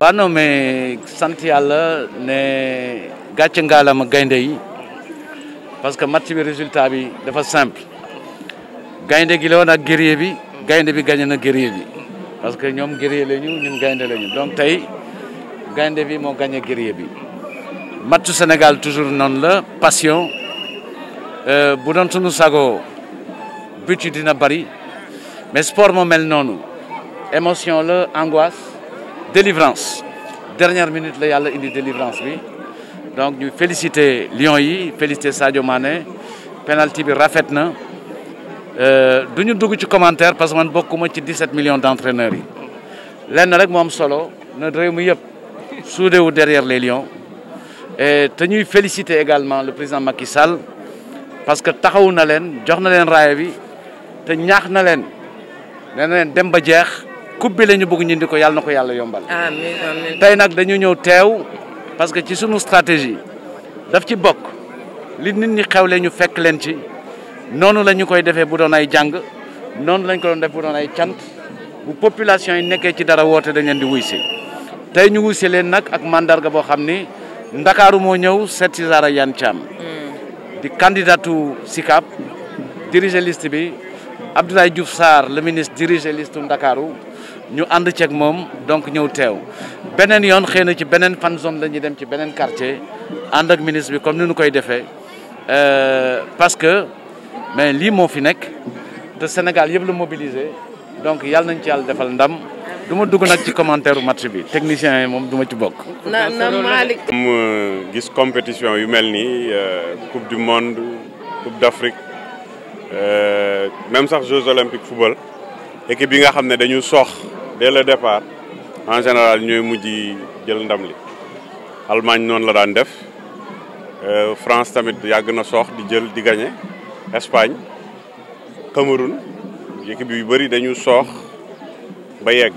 waaw non mais sant yàlla ne gàcc ngaalama gaynde yi parce que match bi résultat bi dafa simple gaynde gi la woon ak guerrier bi gaynde bi gagné na guerrier bi parce que ñoom guerrier la ñu ñun gaynde la ñu donc tey gaynde bi moo gagné guerrier bi matchu Sénégal toujours noonu la passion euh, bu doon sunu sago but dina bari mais sport moo mel noonu émotion la angoisse délivrance dernière minute la yàlla indi délivrance bi donc ñu félicité Lions yi félicité Sadio Mané penalty bi rafet na euh, du ñu dugg ci commentaire parce que man bokkuma ci 17 millions d'entraîneurs yi lenn rek moo am solo na réew mi yëpp soudé wu derrière les Lions et te ñuy félicité également le président Macky sal parce que taxawu na leen jox na leen bi te ñaax na leen nee dem ba jeex coupe bi ñu bëgg ñu indi ko yàlla na ko yàlla yombal. amiin tey nag dañu ñëw teew parce que ci sunu stratégie daf ci bokk li nit ñi xewle ñu fekk leen ci noonu la ñu koy defee bu doon ay jàng noonu lañ ko doon def bu doon ay cant bu population yi nekkee ci dara woote dañ leen di wuy si tey ñu wuy si leen nag ak mandarga boo xam ni ndakaaru moo ñëw seet si Zahra Iyane Thiam hmm. di candidatu SICAP diriger liste bi Abdoulaye Diouf Sarr le ministre diriger liste Ndakaaru ñu ànd ceeg moom donc ñëw teew beneen yoon xëy na ci beneen fan zone la ñuy dem ci beneen quartier ànd ak ministre bi comme ni nu koy defee euh, parce que mais lii moo fi nekk te Sénégal yëpp la mobiliser donc yàlla nañ ci yàlla defal ndam du ma dugg nag ci commentaire match bi technicien yi moom duma ci bokk. na na Malick. gis compétition yu mel nii euh, coupe du monde coupe d'Afrique euh, même sax Jeux olympiques football équipe yi nga xam ne dañu soox dès le départ en général ñooy mujj jël ndam li Allemagne noonu la daan def euh, France tamit yàgg na soox di jël di gagné Espagne Cameroun équipe yu bëri dañu soox ba yegg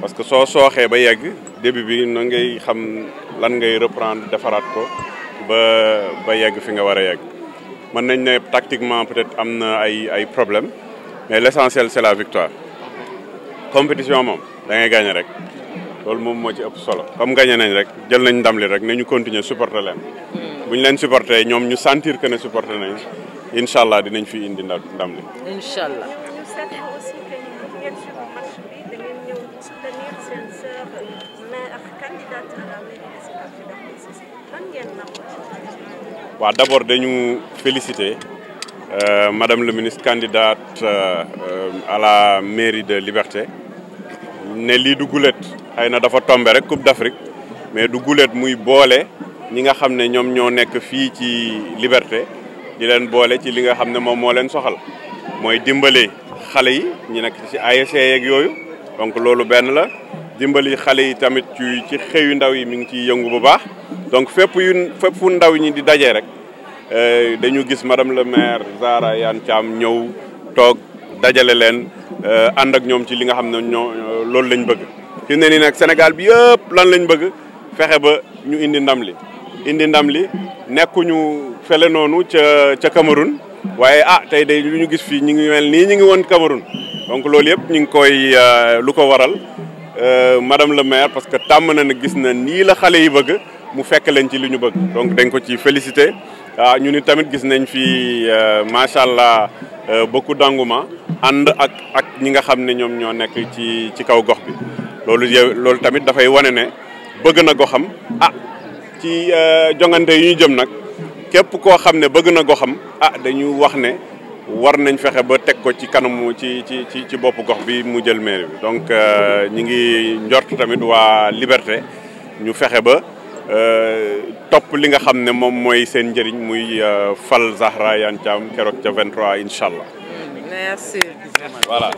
parce que soo sooxee ba yegg début bi na ngay xam lan ngay reprendre defaraat ko ba ba yegg fi nga war a yegg mën nañ ne tactiquement peut-être am na ay ay problème mais l'essentiel c'est la victoire compétition moom da ngay rek loolu moom moo ci ëpp solo comme gagné nañ rek jël nañ ndam li rek nañu continuer supporter leen bu ñu leen supporter ñoom ñu sentir que ne supporter nañ incha allah dinañ fi indi ndam li. incha allah. waaw dañu féliciter euh, madame le ministre candidate euh, euh, à la mairie de Liberté ne lii du gulet xëy na dafa tombe rek Coupe d'Afrique mais du gulet muy boole ñi nga xam ne ñoom ñoo nekk fii ci Liberté di leen boole ci li nga xam ne moom moo leen soxal mooy dimbali xale yi ñu nekk ci ASC yeeg yooyu donc loolu benn la dimbali xale yi tamit ci ci xëyu ndaw yi mi ngi ciy yëngu bu baax donc fépp yu fépp fu ndaw ñi di dajee rek euh, dañu gis madame le maire Zahra Iyane Thiam ñëw toog dajale leen euh, ànd ak ñoom ci li nga xam ne ñoo loolu lañ bëgg fi ne nag Sénégal bi yëpp lan lañ bëgg fexe ba ñu indi ndam li indi ndam li nekkuñu fele noonu ca ca Cameroun waaye ah tey day ñu gis fii ñu ngi mel nii ñu ngi woon Cameroun donc loolu yëpp ñu ngi koy euh, lu ko waral euh, madame le maire parce que tàmm na na gis na nii la xale yi bëgg mu fekk leen ci lu ñu bëgg donc dañ ko ci félicité ah ñu ni tamit gis nañ fi macha allah beaucoup d'engouement ànd ak ak ñi nga xam ne ñoom ñoo nekk ci ci kaw gox bi loolu yow loolu tamit dafay wane ne bëgg na goxam ah ci euh, jongante yu ñu jëm nag képp koo xam ne bëgg na goxam ah dañu wax ne war nañ fexe ba teg ko ci kanamu ci ci ci ci boppu gox bi mu jël mairie bi donc euh, ñi ngi njort tamit waa Liberté ñu fexe ba euh, topp li nga xam ne moom mooy seen njëriñ muy fal Zahra Iyane Thiam keroog ca 23 incha allah Merci. Voilà.